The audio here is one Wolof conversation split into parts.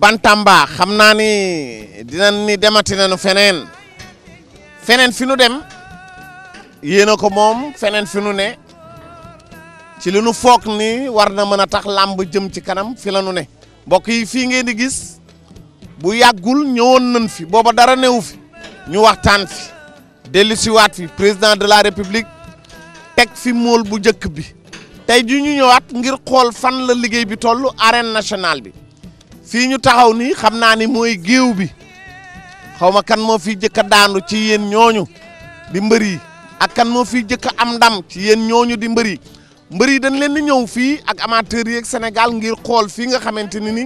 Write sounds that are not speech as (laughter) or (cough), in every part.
Bantamba xam naa ni dina ni demati nañu feneen feneen fi nu dem yéen a ko moom feneen fi nu ne ci li nu foog ni war na mën a tax làmb jëm ci kanam fi la nu ne mbokk yi fii ngeen di gis bu yàggul ñëwoon nañ fi booba dara newu fi ñu waxtaan fi dellu siwaat fi président de la république teg fi mool bu njëkk bi tey ji ñu ñëwaat ngir xool fan la liggéey bi toll arène nationale bi fii ñu taxaw nii xam naa ni mooy géew bi xaw ma kan moo fi jëkk a daanu ci yéen ñooñu di mbëri ak kan moo fi jëkk am ndam ci yéen ñooñu di mbër yi mbër yi dañ leen di ñëw fii ak amateurs yeeg Sénégal ngir xool fii nga xamante ni ni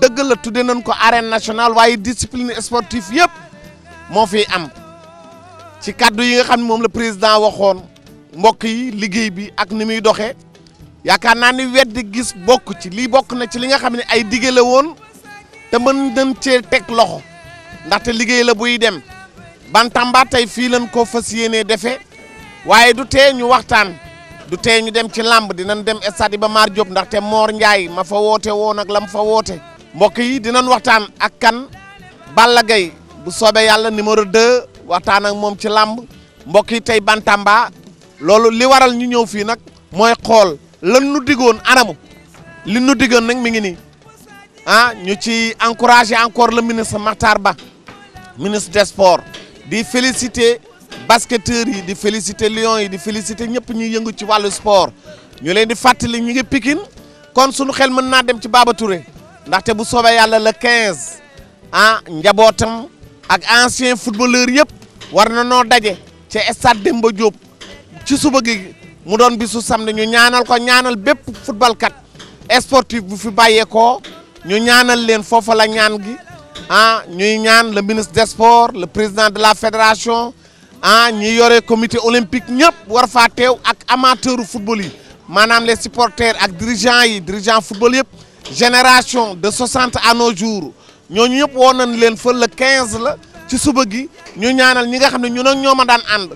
dëgg la tudde nañ ko arène national waaye discipline sportive yëpp moo fi am ci kàddu yi nga xam moom la président waxoon mbokk yi liggéey bi ak ni muy doxee yaakaar naa ni weddi gis bokk ci lii bokk na ci li nga xam ne ay dige la woon te mën cee teg loxo ndaxte liggéey la buy dem Bantamba tey fii lañ ko fas yéenee defe waaye du tee ñu waxtaan du tee ñu dem ci làmb dinañ dem stade Iba Mar Diop ndaxte Mor Ndiaye ma fa woote woo nag la mu fa woote. mbokk yi dinañ waxtaan ak kan Balla Gaye bu soobee yàlla numéro 2 waxtaan ak moom ci làmb mbokk yi tey Bantamba loolu li waral ñu ñëw fii nag mooy xool. lan nu diggoon anamu li nu diggoon nag mi ngi nii ah ñu ci encouragé encore le ministre Makhtar Ba ministre des sports di féliciter basketteurs yi di félicité lions yi di féliciter ñëpp ñuy yëngu ci wàllu sport ñu leen di fàttali ñu ngi kon sunu xel mën naa dem ci Baba Touré ndaxte bu soobee yàlla la 15 ah njabootam ak ancien footballeur yëpp war na noo daje ci stade Demba Diop ci suba gi. mu doon bisu samedi ñu ñaanal ko ñaanal bépp football kat sportif bu fi bàyyeekoo ñu ñaanal leen foofa la ñaan gi ah ñuy ñaan le ministre des sports le président de la fédération ah ñi yore comité olympique ñëpp war faa teew ak amateur football yi maanaam les supporters ak dirigeants yi dirigeant football yëpp génération de 60 à nos jours ñooñu ñëpp woon nañ leen fa le 15 la ci suba gi ñu ñaanal ñi nga xam ne ñu ak ñoom a daan ànd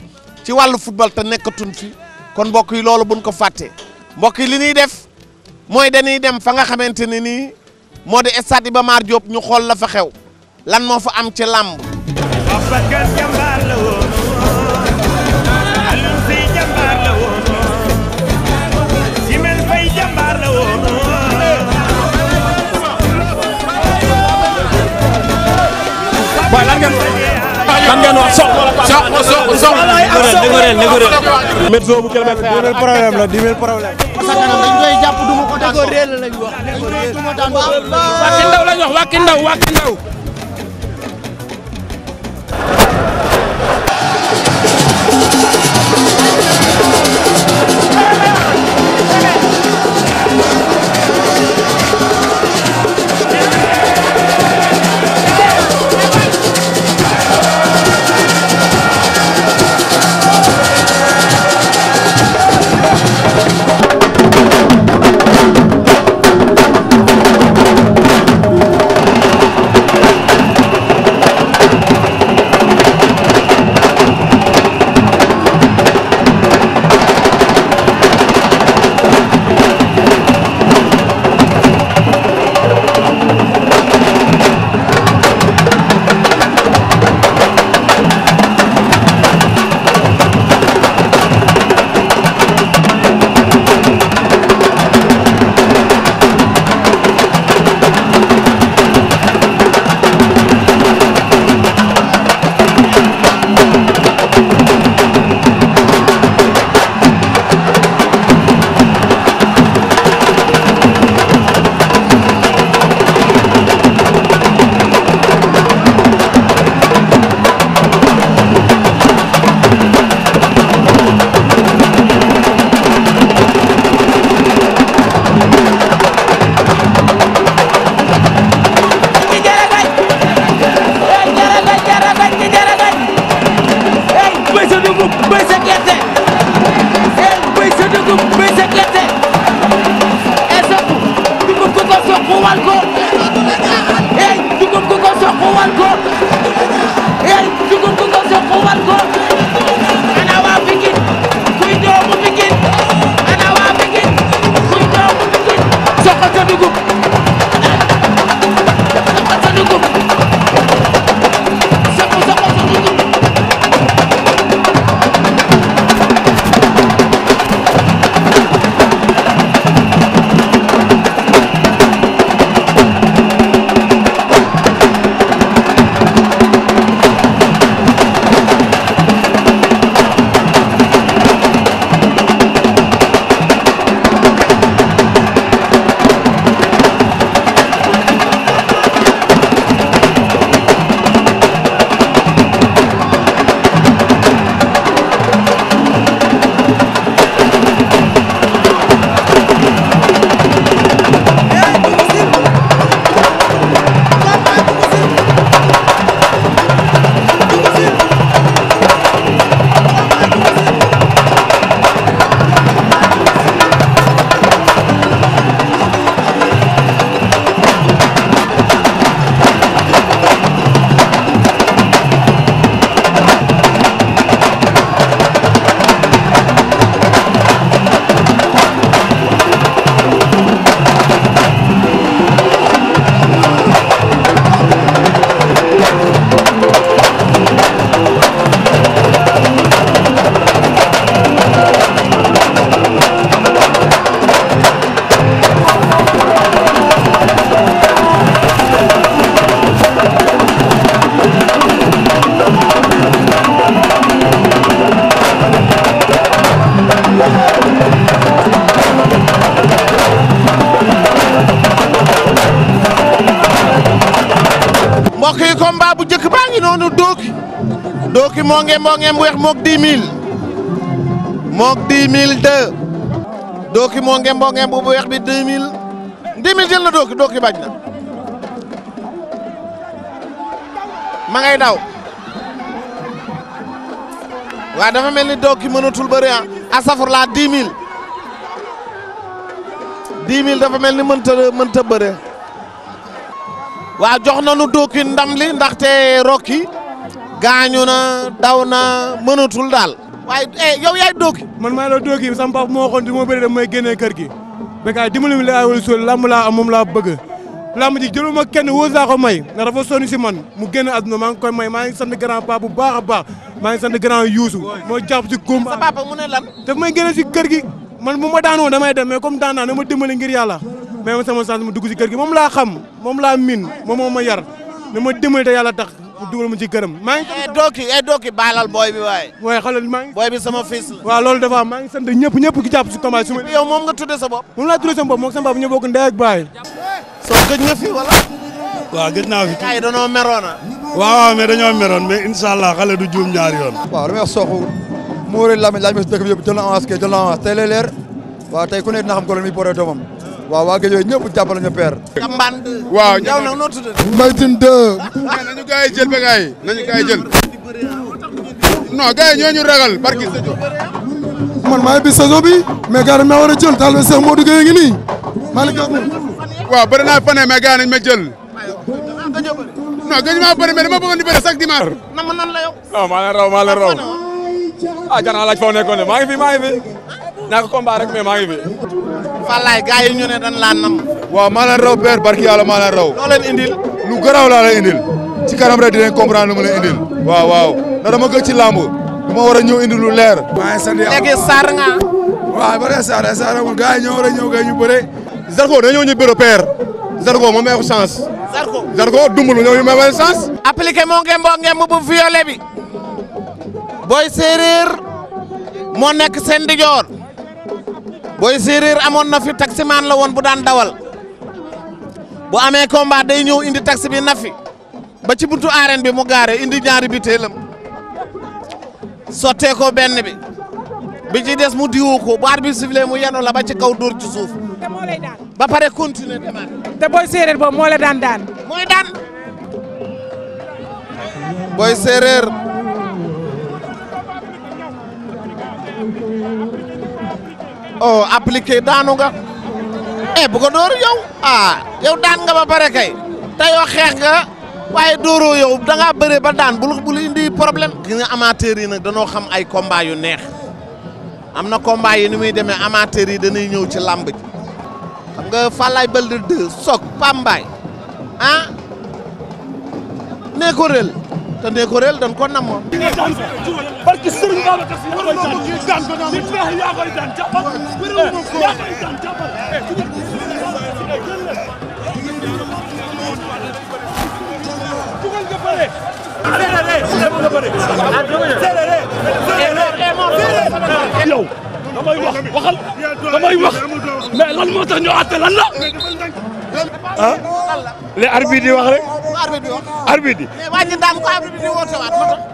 ci wàllu football te nekkatun fi kon mbokk yi loolu buñ ko fàtte mbokk yi li ñuy def mooy dañuy dem fa nga xamante ne nii moo di stade ba Mar Diop ñu xool la fa xew lan moo fa am ci làmb Booy lan ngeen kan ngeen wax sox sox sox sox. dëgërël dëgërël météo bu kilomètre 10 000 problème la 10 000 problème. parce que dañ koy jàpp du ma ko daan sox réel lañ wax. wàkki ndaw lañ wax wàkki ndaw wàkki ndaw. moo nge moo nge mu weex mook 10 000 mook 10 000 dooki moo nge moo nge bu weex bi 10 000 10 000 jël na dooki dooki bañ na ma ngay daw waa dafa mel ni dooki mënatul bëri ah asafur laa 10 dafa mel ni mënta mënta bëre waaw jox na nu dooki ndam li ndaxte Rocky gaañu na daw na mënatul daal. waaye eh yow yaay dooki. man maa la dooki sama papa moo waxoon moo ma bëri daf may génnee kër gi. béykat yi laa moom laa bëgg. làmb ji jëluma kenn wóor saa may ndax dafa sonn si man mu génn àdduna maa ngi koy may maa ngi sant grand papa bu baax a baax maa ngi sant grand Youssou. moo jàpp si góom sa papa mu ne lan. daf may génne si kër gi man bu ma daan woon damay dem mais comme daan naa na ma dimbali ngir yàlla. mais sama sens mu dugg si kër gi moom laa xam moom laa miin moom moo ma yar na ma dimbali te yàlla tax pour dugal ma ci këram maa ngi sant dooki eh dooki eh, baalal booy bi waaye waaye maa ngi booy bi sama fils la waaw loolu dafa maa ngi sant ñëpp ñëpp ki jàpp si combat su ma yow moom nga tudde sa bopp moom laa tudde sama bopp moom sama fi wala waaw gëj naa fi gars yi dañoo meroona ah. waaw waaw mais dañoo meroon mais incha allah xale juum ñaari yoon waaw damay wax soxu muuri yëpp jël na avance ke jël na avance tey lay mi boree waaw waa Guèye ñëpp jàppale ñu père. waaw ñëpp nag noo tudd. Mbaye Tine 2. nañu gars yi jël ba gars yi nañu gars yi jël. non gars yi ñoo ñu ragal barki saison. man maa ngi bis saison bi mais gars dañ maa war a jël taal ba Seydou Modou Guèye ngi nii Malick Gakou. waaw bëri naa fan mais gars nañ ma jël. non gëj maa bëri mais dama bëggoon di bëri chaque dimanche. nama nan la yow. non maa leen raw maa leen raw. ah jar naa laaj foo nekkoon ne maa ngi fi maa ngi fi. naa ko combat rek mais maa ngi fi. Fallaye gars yi ñu ne dañ laa waaw maa leen raw père barki maa leen raw. loo indil. lu garaaw laa leen indil. ci kanam rek dinañ comprendre lu indil. waaw waaw ndax dama gëj ci làmb. dama war a ñëw leer. maa ngi sant yàlla léegi Sarr nga. waaw ba tey Sarr Sarr amul yi ñoo war a ñëw gars yi ñu bëre. Zarko dañoo ñu bëre père. Zarko moom meeku chance. Zarko Zarko dumbul ñoo ñu meewee chance. appliqué moo ngemb boo bu violet bi. booy séeréer moo nekk seen booy séeréer amoon nafi fi taximaan la woon bu daan dawal bu amee combat day ñëw indi taxi bi nafi ba ci buntu arène bi mu gaare indi ñaari bitéelam sottee ko benn bi bi ci mu diwu ko bu arbitre bi sifflé mu yenu la ba ci kaw dóor ci suuf te moo lay ba pare continuer demaat te booy séeréer boobu moo la daan daan mooy daan booy séeréer oh appliqué daanu nga eh bu ko dóor yow ah yow daan nga ba pare kay tay yow xeex nga waaye dóoroo yow da ngaa ba daan bul bul indi problème. gis nga amateurs yi nag danoo xam ay combat yu neex am na combat yi ni muy demee amateurs yi dañuy ñëw ci làmb xam nga Falaye Baldé 2 Sok Pambaay ah nee te Ndéko Réel dañ ko namm. barke Serigne Babacar Sy yaa koy daan billahi yaa koy daan jàppal yaa koy daan jàppal dugal nga bëre séeréer séeréer nga bëre séeréer séeréer yow damay wax waxal damay wax mais lan moo tax ñu àtte lan la ah les arbitres yi wax rek arbitre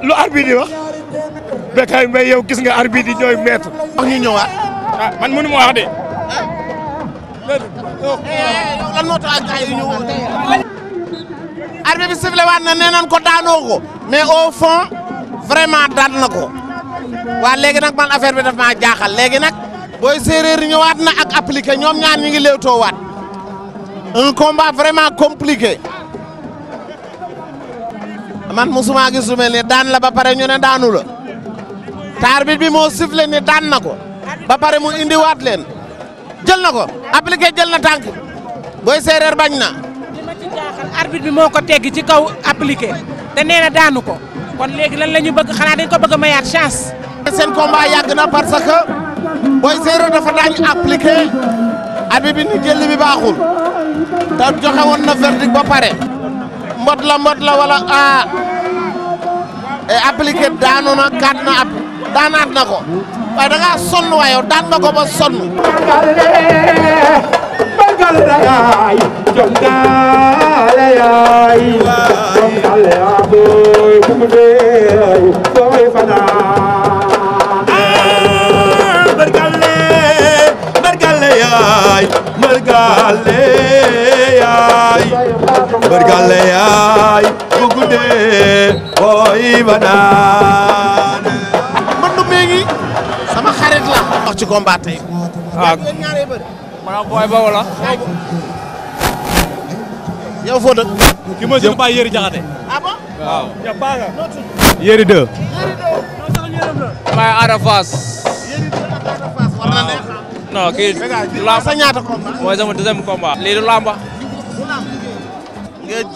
lu arbitre yi wax. Bécaye Mbaye yow gis nga arbitre yi ñooy maître. wax ñu ah, man mënu wax de. Eh, lan moo tax gars yi bi sifflé na nee nañ ko daanoo ko. mais au vraiment daan na ko. waa léegi nag man affaire bi daf maa jaaxal léegi nag. booy séeréer ñëwaat na ak appliqué ñoom ñaar ñu ngi léewtoowaat un vraiment compliqué. man musuma gis lu mel ni daan la ba pare ñu ne daanu la te bi moo sifflé ni daan na ko ba pare mu indiwaat leen jël na ko appliqué jël na tànk booy séeréer bañ na. li ma ci jaaxal arbitre bi moo ko teg ci kaw appliqué te nee na daanu ko kon léegi lan la ñu bëgg xanaa dañ ko bëgg a mayaat chance. seen combat yàgg na parce booy séeréer dafa daañ appliqué arbitre bi ni jël bi baaxul te joxe woon na verdict ba mbot la mbot la e appliqué daanu kaat na ab daanaat na ko waaye da ngaa sonn waaye yow daan na ko ba sonn. Wow. yaay mërgale yaay mërgale yaay bu guddee booy banaan mbëndu sama xarit la wax ci combat tey ah ki ma baa nga yëri deux yëri non kii. làmb sa ñaata combat.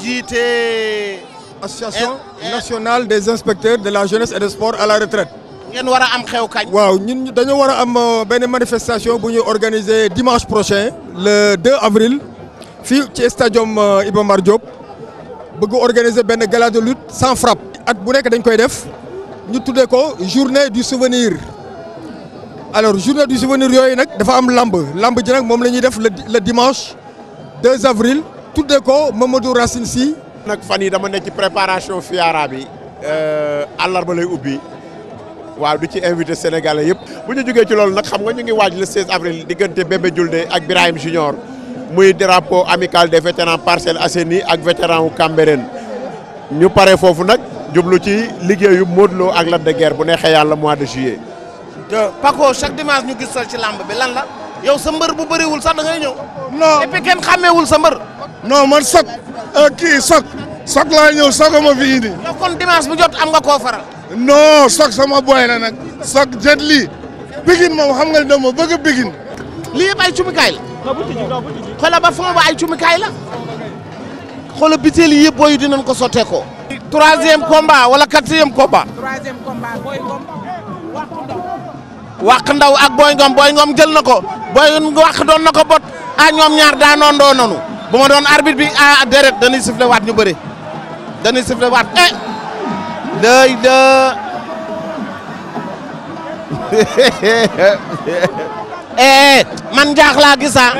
jiite. association eh, eh. nationale des inspecteurs de la jeunesse et des sports à la retraite. ngeen war am xew kañ. waaw ñun dañoo war a am euh, benn manifestation bu ñuy organiser dimanche prochain. le 2 avril. fii ci stadium euh, Iba Mar bëgg organiser benn gala de lutte sans frappe. at bu nekk dañ koy def. ñu tuddee ko journée du souvenir. alors journée du souvenir yooyu nag dafa am lamb lamb ji nag moom lañuy ñuy def le dimanche 2 avril tuddee ko Mamadou Racine si nag fan yi dama nekk ci préparation fiara bi euh, àllarba lay ubbi waaw du ci invité sénégalais yëpp bu ñu jógee ci loolu nag xam nga ñu ngi waaj le 16 avril diggante Bébé Diouldé ak Birahim Junior muy drapeau amical des vétérans Parcelles Assainies ak vétéran wu Cambérène ñu pare foofu nag jublu ci liggéeyu Modou Lo ak Lac de Guiers bu neexee yàlla mois de juillet. te Paco chaque dimanche ñu gis sol ci làmb bi lan la yow sa mbër bu bëriwul sax da ngay ñëw. non et puis kenn xàmmeewul sa mbër. non man sok euh, kii sok sok laa ñëw soka ma fi indi. yow kon dimanche bu jot am nga koo faral. non sok sama boy la nag sok jët lii bigin moom xam nga moo bëgg a bigin. lii yëpp ay cumikaay la. xoola ba fond ba ay cumikaay la. xoola biteel yëpp booy yi dinañ ko sotteekoo. troisième combat wala quatrième combat. troisième combat booy wàq ndaw ak booy ngoom booy ngoom jël na ko booy wàq doon na ko bot ah ñoom ñaar daanoon doon nanu bu ma doon arbitre bi ah déret dañuy sifflé waat ñu bëre dañuy sifflé waat eh day da (laughs) eh man jaax gisa ah.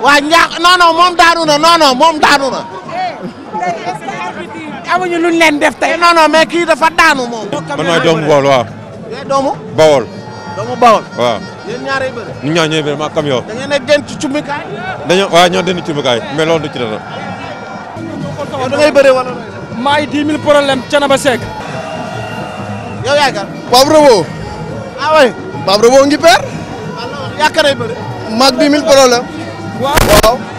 waa njaax non moom daanu na non moom daanu na eh, amuñu luñ leen def tey. Eh, non non mais kii dafa daanu moom. man maay doomu Bawol waaw. Eh, doomu. Bawol. doomu Bawol. waaw. yéen ñaaree bëri. ñaar ñooy bëri maa bëree wala. maa ngi 10 000 problème Thiénaba Seck. yow Robo. ah Robo ngi père. alors yaakaar naa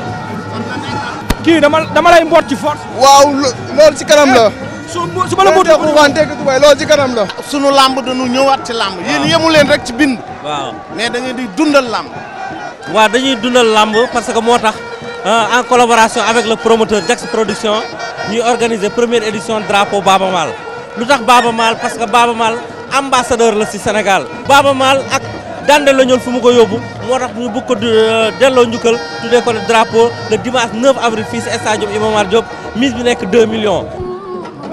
kii dama dama lay mboot ci force. waaw loolu ci kanam la. Eh, su su ma la eh, mbootee ci kanam la. sunu làmb dañu ñëwaat ci làmb. waaw yéen yemu leen rek ci bind. waaw mais da di dundal làmb. waaw dañuy dundal làmb parce que moo tax euh, en collaboration avec le promoteur Jax Production ñuy organiser première édition drapeau Baaba mal lu tax Baaba Maal parce que Baaba mal ambassadeur la si Sénégal. Baaba Maal ak. dande la ñoon fu mu ko yóbbu moo tax ñu bëgg ko euh, delloo njukkal tuddee ko drapeau le dimanche 9 avril fii si stade Iba Mar Diop mise bi nekk 2 millions.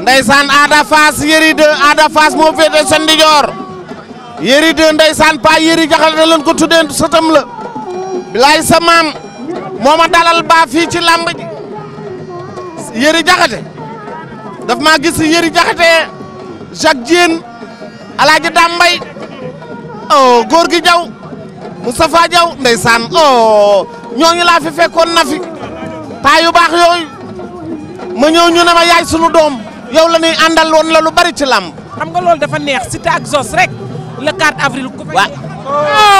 Ndeysaan Ada Fass Yéri 2 Ada Fass moo féete sa ndijoor Yéri 2 Ndeysaan Pa Yéri Jaxate lañ ko tuddee sëtam la bilaay sa maam moo ma dalal ba fii ci làmb ji Yéri Jaxate daf maa gis Yéri Jaxate Jacques Diène Alaaji Dambay Oh, góor gi jaw Moustapha Diaw ndeysaan oh ñooñu laa fi fekkoon na fi baax yooyu ma ñëw ñu ne ma yaay sunu doom yow la ñuy àndal woon la lu bari ci làmb. xam ga loolu dafa neex Siteu ak Zoss rek le 4 avril. ku fay oh!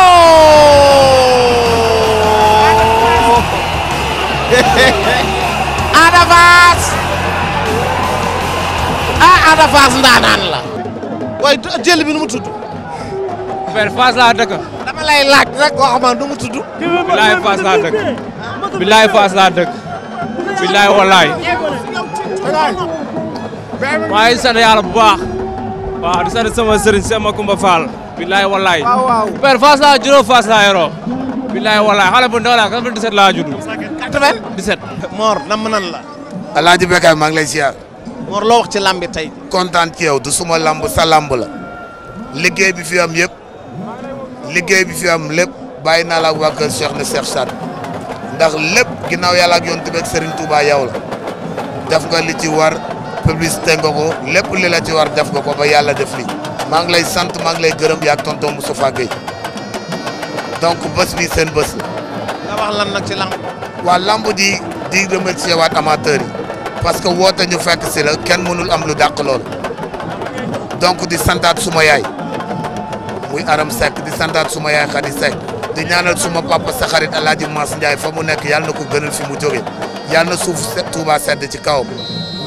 (laughs) Ada ah, ndaanaan la. waaye jël bi nu mu tudd. père Fass laa dëkk. dama lay laaj laa dëkk. bilaay Fass laa dëkk. bilaay walaay. maa ngi sant yàlla bu baax. waaw di sant sama sëriñ sama Kumba Fall. bilaay walaay. waaw waaw père Fass laa juróom Fass laa yoroo. bilaay walaay xale bu ndaw laa 97 laa judd. 97. Mor nam nan la. Alaaji Bekkaay maa ngi lay ziar. loo wax ci lambi tey. kontaan ci yow du suma lamb sa lamb la. liggéey bi fi am liggéey bi fi am lépp bàyyi naa la ak waa kër Cheikh na Cheikh Saad ndax lépp ginnaaw yàlla ak yonent bi ak Serigne Touba yow la def nga li ci war publicité nga ko lépp li la ci war def nga ko ba yàlla def li maa ngi lay sant maa ngi lay gërëm yaa ak tonton soo Gueye donc bés bi seen bés la. lan nag ci lamb. waa lamb di di remercier waat amateur yi parce que woote ñu fekk si la kenn mënul am lu dàq lool donc di santaat suma yaay. muy Aram Seck di santaat suma yaay Khady Seck di ñaanal suma mu nekk yàlla ko gënal fi mu jóge yàlla na suuf Touba sedd ci kawam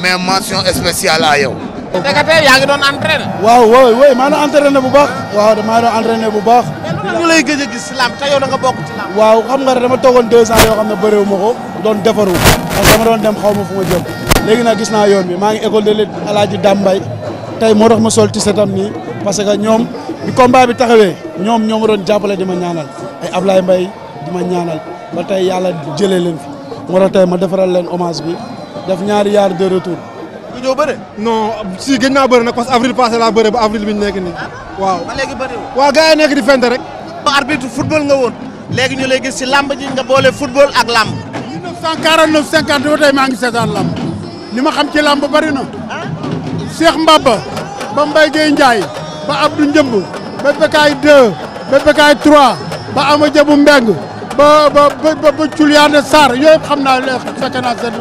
mais mention spéciale à yow. yaa ngi doon entraîné. waaw waaw waaw maa ngi entraîné bu baax. waaw damaa doon entraîné bu baax. mais ñu gis si làmb te yow da bokk ci làmb. waaw xam nga dama toogoon deux ans yoo xam ne bëriwu ma ko doon defaru parce que dama doon dem xaw ma fu ma jëm léegi gis naa yoon bi maa ngi école de lutte El Hadj Dame Mbaye tey moo tax ma sol ci setam nii parce que ñoom bi combat bi taxawee ñoom ñoo ma doon jàppale di ma ñaanal ay Ablaye Mbaye di ma ñaanal ba tey yàlla jëlee leen fi moo tax ma defaral leen hommage bi def ñaari yaar de retour. nga ñëw bëre. non si gëj naa bëre nag parce que avril passé laa bëre ba avril bi ñu nekk nii. Ah waaw ba léegi a waaw gars yi nekk di fente rek. ba arbitre nga woon. léegi ñu lay gis si lamb ji nga boole football ak lamb. 1949 50 ba tey maa ngi seetaan lamb li ma xam ci lamb bari na. Ah? Cheikh Mbaba ba Mbaye Gueye Ndiaye. ba Abdou Njëmb ba Bekaay 2 ba Bekaay 3 ba Ama Jabu Mbeng ba ba ba ba Culiane xam naa fekk naa seen.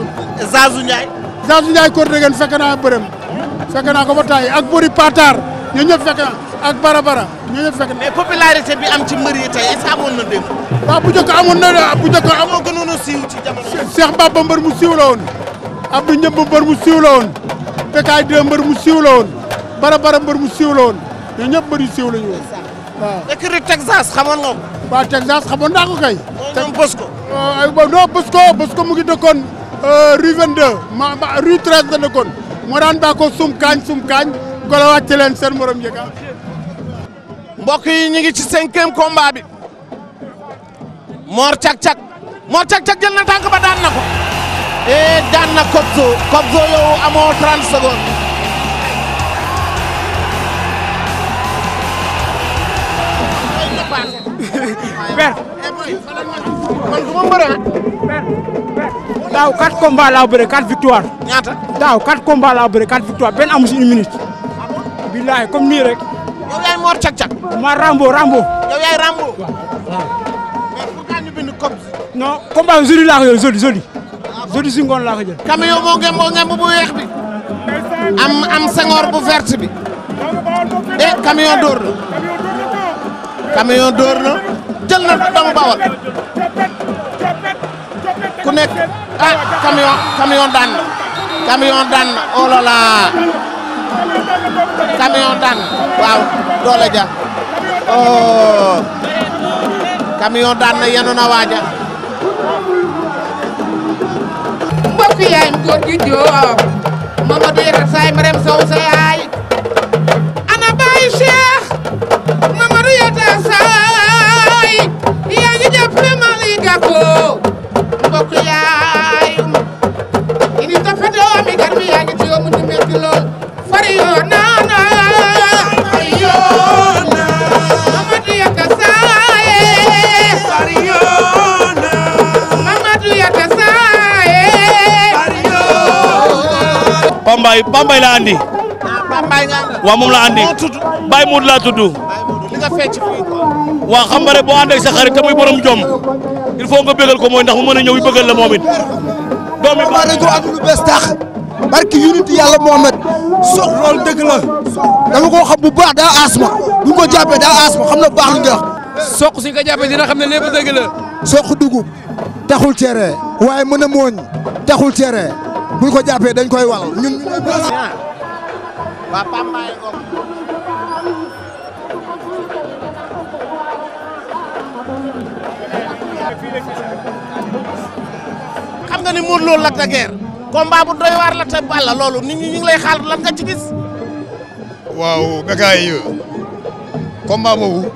Zazu Ndiaye. Zazu Ndiaye ko dégg fekk naa bërëm fekk naa ko ak Bori Patar ñun ñëpp ak Barabara ñun ñëpp fekk. mais popularité bi am ci mbër yi tey est ce na dégg. waaw bu njëkk amoon na a siiw ci jamono. Cheikh Baba mu siiw la woon Abdou Njëmb mbër mu siiw la woon Bekaay mu siiw Barabara mbër mu siiw la mais ñëpp bëri siiw la ñu woon waaw. Texas xamoon nga ko. waaw Texas xamoon naa ko kay. ñoom euh, Bosco. non Bosco Bosco mu ngi dëkkoon euh, rue 22 ma ma rue la dëkkoon moo daan baa ko sum kaañ sum kaañ golo wàcc seen morom yëga. mbokk yi ñu ngi ci cinquième combat bi Mor Cak Cak Mor Cak Cak jël na tànk ba daan na ko. et eh, daan na Kobzo Kobzo yow amoo 30 secondes. per man du ma mbëre per daaw quatre combats laa bëre victoire. ñaata daaw quatre combats laa bëre quatre victoire benn amu une minute. billahi comme nii rek. yow yaay Mor Cak Cak. ma Rambo Rambo. yow yaay Rambo. waaw mais pourquoi ñu bind comme. non combat bi jeudi laa ko jël bu weex am am bu verte bi. eh camion camion dóor na jël na dong bawal ku nekk ah camion daan na daan na oh daan waaw doole ja oh camion daan na waaja mbokk yaayam góor gi Diop Mamadou yëkkat saay Marème Sow sa yaay woo yaay ma ini dafa doomi gar mi yaa ngi ci yow mu di metti lool fari yoo naa Pambay Pambay la andi. Ah, waaw moom la andi. Baye Mood laa tudd. li boo ànd ak sa xarit borom jom. il faut nga bëggal ko mooy ndax mu mën a ñëw bëggal la moom it. doomi ba dañ ko am lu bees tax barki unité yàlla Mohamed so loolu dëgg la dama koo xam bu baax daa asma bu ko jàppee daa asma xam na baax lu nga wax soq suñ ko jàppee dina xam ne lépp dëgg la soq dugub taxul cere waaye mën na mooñ taxul cere buñ ko jàppee dañ koy wal ñun waaw ni Modou Lo Lac de Guiers combat bu doy waar la te Balla loolu nit ñi ñu ngi lay xaar lan nga gis. waaw gagaay combat boobu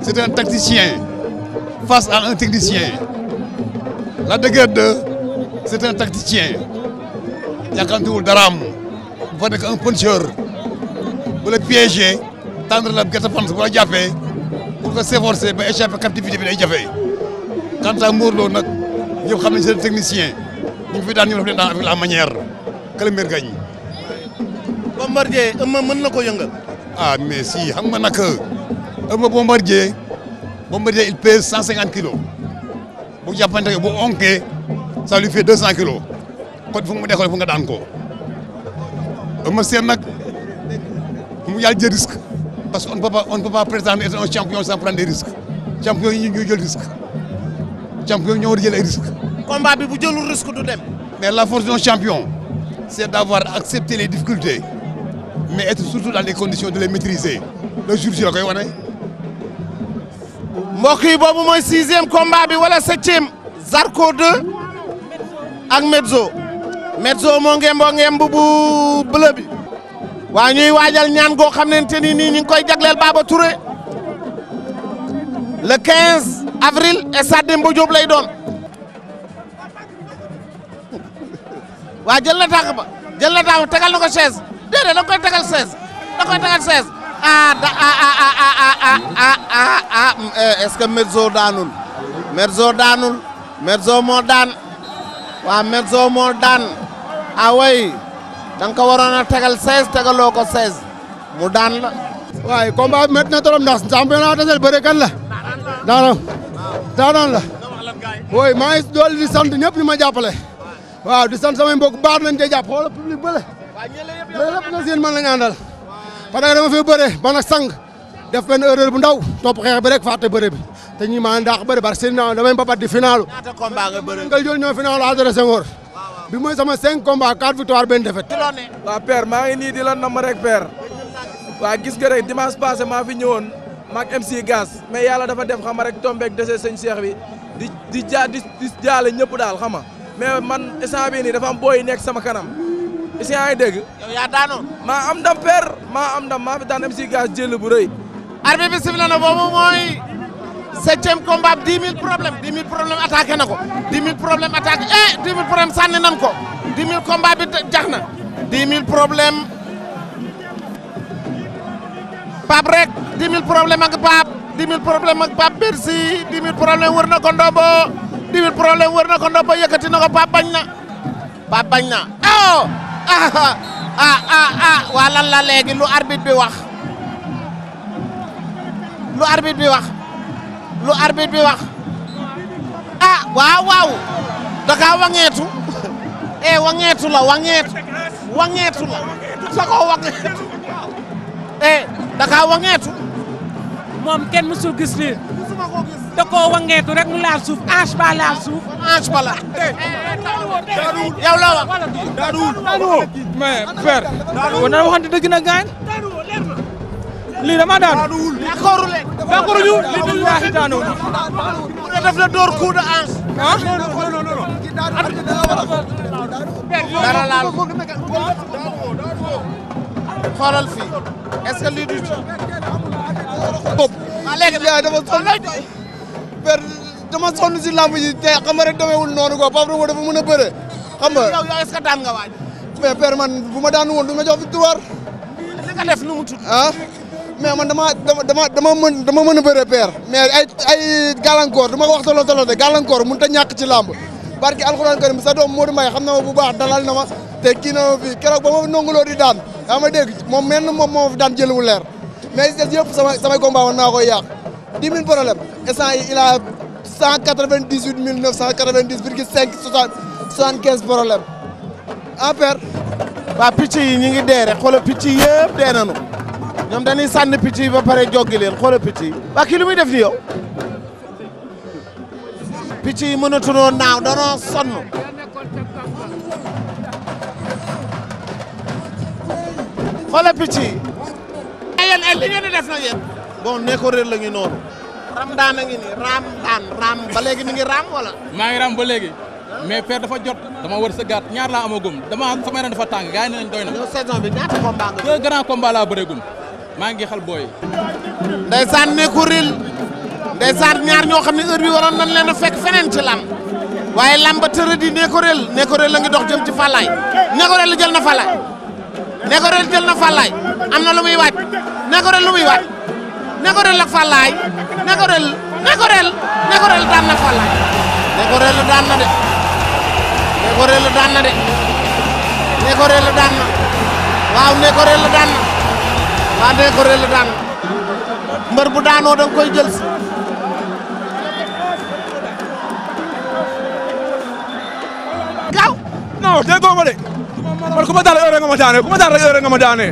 c'est un tacticien face à un technicien Lac de Guiers 2 c'est un tacticien yàkkamtiwul daraam dafa nekk un puncheur bu la piégé tendre la gerte pante bu la jàppee pour que s'efforcer ba échapper captivité bi day jafe quant à ñëpp xam na seen technicien ñu ngi fi daan ñëw daf leen daan avec la manière que le maire gagne. Bombardier mën na ko yëngal. ah mais si xam nga nag Eumeu Bombardier Bombardier il cent 150 kilos bu jàppante ne bu onkee ça lui cent 200 kilos kon fu mu deqal fu nga daan ko Eumeu Sène nag mu yàlla jël risque parce que on ne peut pas on ne peut pas prétendre champion sans prendre des risques champion yi ñu jël risque. champion ñoo war a ay risques. combat bi bu jëlul risque du dem. mais la force d'un champion c'est d'avoir accepté les difficultés mais être surtout dans les conditions de les maîtriser le jour ji la koy wane. mbokk yi boobu mooy sixième combat bi wala septième. Zarko 2 ak Medzo Medzo moo ngemboo ngemb bu waa ñuy waajal ñaan goo xam ne te ni nii ñu ngi koy jagleel Baba Touré le 15. avril stade Demba Diop lay doon waa jël na tànk ba jël na tànk ba tegal na ko chaise déedéet da koy tegal chaise da koy tegal chaise ah da ah ah ah ah ah ah est-ce que Medzo daanul Medzo daanul moo daan waa Medzo moo daan ah way da nga ko waroon a tegal chaise ko chaise mu daan la. waaye combat bi métti na trop ndax championnat tasel bëre kan la. daanaka daanaan la wooy maa ngi dool di sant ñëpp ñu ma jàppale waaw di sant samay mbokk baax nañ te jàpp xoola public ba la la lépp nga seen man lañu àndal parce que dama fee bëre ba nag sang def benn erreur bu ndaw topp xeex bi rek fàtte bëre te ñi maa ndax bëre parce que seen naaw damay mbapat di finalu ngal jël ñoo finalu adressé Senghor bi mooy sama cinq combats quatre victoire benn défaite waaw père maa ngi nii di la namm rek père waaw gis nga rek dimanche passé maa fi ñëwoon maag MC Gaz mais yàlla dafa def xama rek tombeek dese sëñ Cheikh bi di di ja di jaale ñëpp daal xama mais man instant bii nii dafa am booy nekk sama kanam si yaa ngi dégg. yow yaa daanu. maa am ndam père maa am ndam maa fi daan MC Gaz jël bu rëy. arbitre bi sifflé na boobu mooy septième combat 10 000 problème mil 000 problème attaqué na ko 10 000 problème attaqué eh 10 nan ko 10 000 combat bi jax na 10 000 problème rek. dix mille problème ak Pape dix mille problème ak Pape Bercy wër na ko ndombo dix wër na ko ndombo ko Pape bañ na Pape bañ na oh ah ah, ah ah ah waa lan la léegi lu arbitre bi wax lu arbitre bi wax lu arbitre bi wax ah waaw waaw da waŋeetu (laughs) eh waŋeetu la waŋeetu waŋeetu la sa koo waŋeetu eh da wangeetu. moom kenn mësul gis lii. mësuma koo wangeetu rek mu laal suuf ange ba laal suuf. ange ba la. daaduwul yow daaduwul. daaduwul mais père. daaduwul nan waxante dëgg na gaañ. lii daan. daaduwul d'accord leen. d'accord ñu lii duñu laaxi daanoo. mu ne def la door coup de ange. ah non non non. dara laal xoolal fii. est-ce que lii du dama sonn per dama sonn si lamb ji te xam nga rek demeewul noonu quoi Pape Demba dafa mën a bëre xam nga yow est-ce daan nga waaj mais per man bu ma daan woon du ma jox victoire li nga def nu mu tudd ah mais man dama dama dama mën dama mën a bëre per mais ay ay gàllankoor du ma ko wax solo solo de gàllankoor mënut ñàkk ci lamb barki alxuraan karim sa doom Modou Mbaye xam na ma bu baax dalal na ma te kii na ma fii keroog ba ma nonguloo di daan yaa ma dégg moom menn moom moo daan jël wu leer mais des yëpp samay samay combat woon naa ko yàq dii mille problème instant yi il a cent quatre vingt dix huit mille neuf cent quatre vingt dix quinze problème en ah, paire. waa picc yi ñu ngi dee rek xoolal picc yëpp dee nañu ñoom dañuy sànni picc yi ba pare joggi leen xoolal picc yi waa kii lu muy def ni yow picc yi mënatunoo naaw danoo sonn. xoolal picc yi. Eh, yéen ay eh, li ngeen di def nag la ñu a ngi nii raam daan raam ba léegi ngi raam wala. maa ngi raam ba léegi. mais père dafa jot dama war sa gàtt ñaar laa amagum dama sama yaram dafa tàng gars yi ne nañ doy na. yow saison bi ñaata combat nga. deux grands combats laa bëreegum maa ngi xal booy. ndeysaan nekku réel ndeysaan ñaar ñoo xam ne heure bi waroon nañ leen a fekk feneen ci lam waaye lam ba tërë di nekko réel nekko réel dox jëm ci Fallaye nekko réel la Nécorel jël na Fallaye am na lu muy waaj Nécorel lu muy waaj Nécorel ak Fallaye Nécorel Nécorel Nécorel daan de Nécorel daan na de Nécorel daan na waaw Nécorel bu daanoo koy jël si gaaw non déggoo de man ku ma daal heure nga ma daanee ku ma daal rek heure nga ma daanee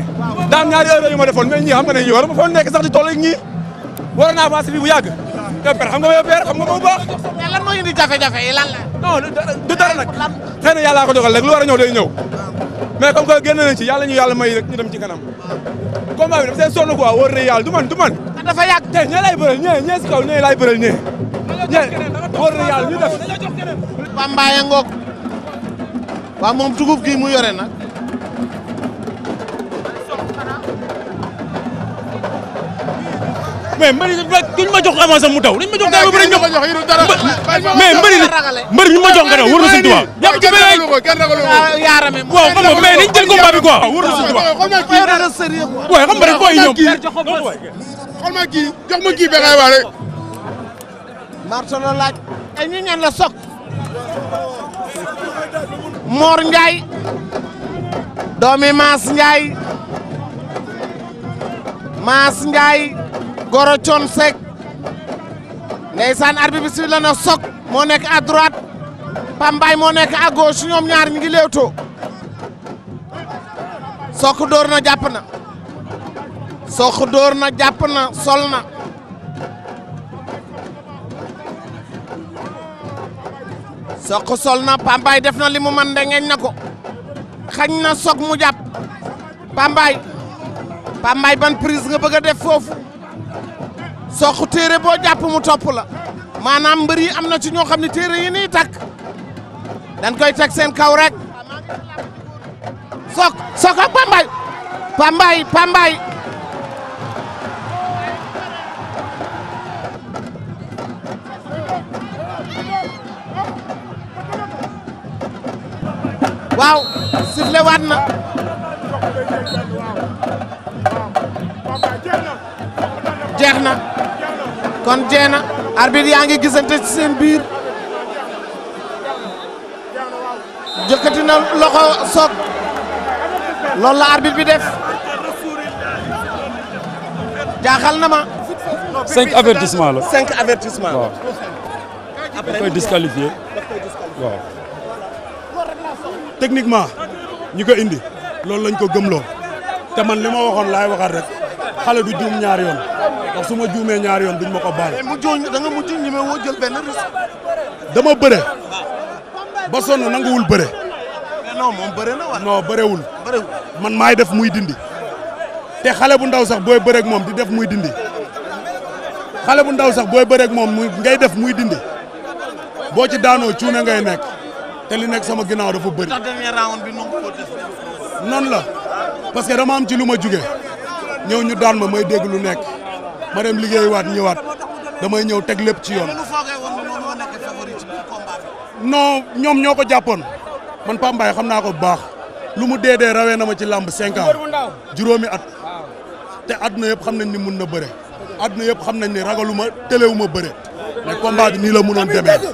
daan ñaari heure yu ma defoon mais ñii xam nga ne ñii war ma fa nekk sax di toll ak ñii war naa avancé bi bu yàgg te per xam nga ma per xam nga ma bu baax mais lan moo indi jafe-jafe yi la du dara nag xëy na yàllaa ko dogal rek lu war a ñëw day ñëw mais comme que ci yàlla ñu yàlla may rek ñu dem ci kanam combat bi dafa seen sonn quoi wóor na yàlla du man du man ah, dafa yàgg te ñee lay bëral ñee ñee si kaw ñee lay bëral ñee waaw moom dugub gi mu yore nag mais mbëri duñ ma jox avance mu daw dañ ma jox daw ba dañ ma mais mbëri mbëri ñu ma jox nga daw wër na suñu tubaab ñëpp ci bëre waaw xam nga mais dañ jël combat bi quoi wër na suñu tubaab waaye xam nga rek booy ñoom xool ma kii jox ma kii ba ngay wax rek marto la laaj ay ñu ñaan la sok Mor Ndiaye doomi Maas Ndiaye Maas Ndiaye Goro Thion Seck ndeysaan arbitre bi sifflé na Sokh moo nekk à droite Pambaay moo nekk à gauche ñoom ñaar ñi ngi léewtoo Sokh dóor na jàpp na Sokh dóor na jàpp na sol na Sokh sol na Pambaay def na li mu mën de ngeñ na ko xañ na Sokh mu jàpp Pambaay Pambaay ban prise nga bëgg a def foofu Sokh téere boo jàpp mu topp la maanaam mbër yi am na ci ñoo xam ne téere yi nii takk dañ koy teg seen kaw rek Sokh Sokh ak Pambaay Pambaay Pambaay waaw sifflé waat na jeex na kon jeex na yaa ngi gisante ci seen biir jëkkati loxo soog loolu la bi def jaaxal na ma. cinq avertissement la techniquement ñi ko indi loolu lañ ko gëmloo te man li ma waxoon laay waxaat rek xale du juum ñaar yoon ndax su ma juumee ñaar yoon duñ ma ko baal. mu jooñ da nga mujj ma woo jël benn risque. dama bëre ba sonn nanguwul bëre. non moom bëre na waaw. non bërewul. bërewul man maay def muy dindi te xale bu ndaw sax booy bëreeg moom di def muy dindi xale bu ndaw sax booy bëreeg moom muy ngay def muy dindi boo ci daanoo cuune ngay nekk. te li nekk sama ginnaaw dafa bëri. noonu la parce que dama am ci lu ma jugee ñëw ñu daan ma may dégg lu nekk ma waat liggéeyuwaat ñëwaat damay ñëw teg lépp ci yoon. non ñoom ñoo ko jàppoon man Pape xam naa ko bu baax lu mu dee dee rawee na ma ci làmb cinq juróomi at te àdduna yëpp xam nañ ni mun na bëre àdduna yëpp xam nañ ni ragaluma téléwuma bëre mais combat nii la munoon demee.